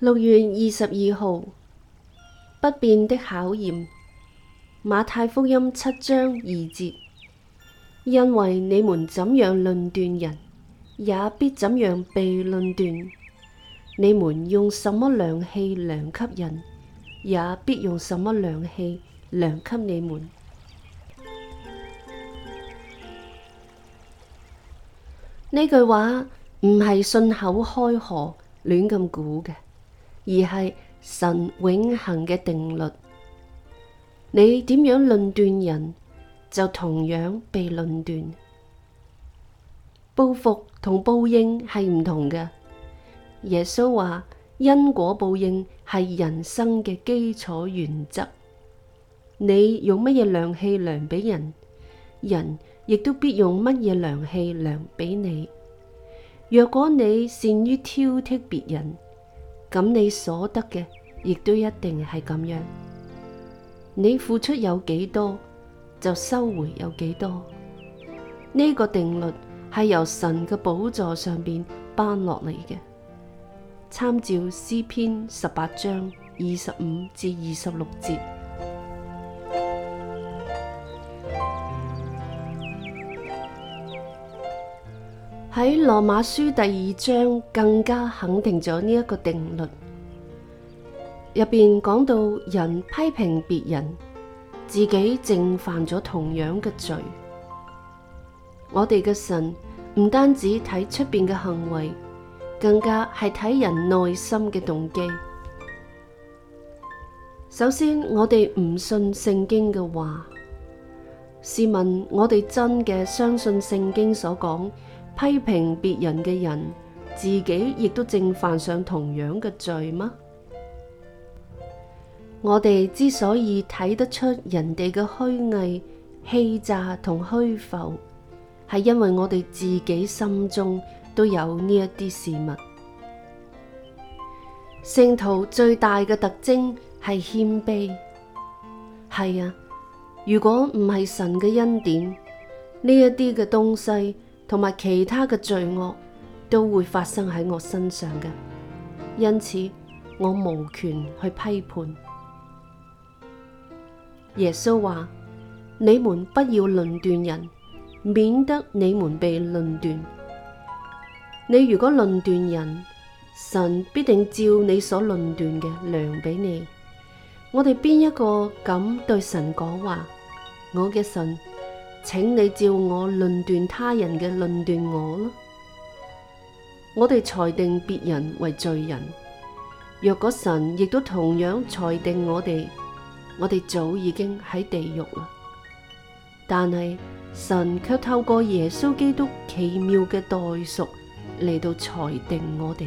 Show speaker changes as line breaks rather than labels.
六月二十二號，不變的考驗。馬太福音七章二節：因為你們怎樣論斷人，也必怎樣被論斷；你們用什麼量器量給人，也必用什麼量器量給你們。呢句話唔係信口開河、亂咁估嘅。而係神永恒嘅定律，你點樣論斷人，就同樣被論斷。報復同報應係唔同嘅。耶穌話因果報應係人生嘅基礎原則。你用乜嘢量器量俾人，人亦都必用乜嘢量器量俾你。若果你善於挑剔別人。咁你所得嘅，亦都一定係咁樣。你付出有幾多，就收回有幾多。呢個定律係由神嘅寶座上邊頒落嚟嘅。參照詩篇十八章二十五至二十六節。喺羅馬書第二章更加肯定咗呢一個定律，入邊講到人批評別人，自己正犯咗同樣嘅罪。我哋嘅神唔單止睇出邊嘅行為，更加係睇人內心嘅動機。首先，我哋唔信聖經嘅話，試問我哋真嘅相信聖經所講？批評別人嘅人，自己亦都正犯上同樣嘅罪嗎？我哋之所以睇得出人哋嘅虛偽、欺詐同虛浮，係因為我哋自己心中都有呢一啲事物。聖徒最大嘅特徵係謙卑，係啊。如果唔係神嘅恩典，呢一啲嘅東西。同埋其他嘅罪惡都會發生喺我身上嘅，因此我無權去批判。耶穌話：你們不要論斷人，免得你們被論斷。你如果論斷人，神必定照你所論斷嘅量俾你。我哋邊一個敢對神講話？我嘅神。請你照我論斷他人嘅論斷我啦。我哋裁定別人為罪人，若果神亦都同樣裁定我哋，我哋早已經喺地獄啦。但係神卻透過耶穌基督奇妙嘅代贖嚟到裁定我哋。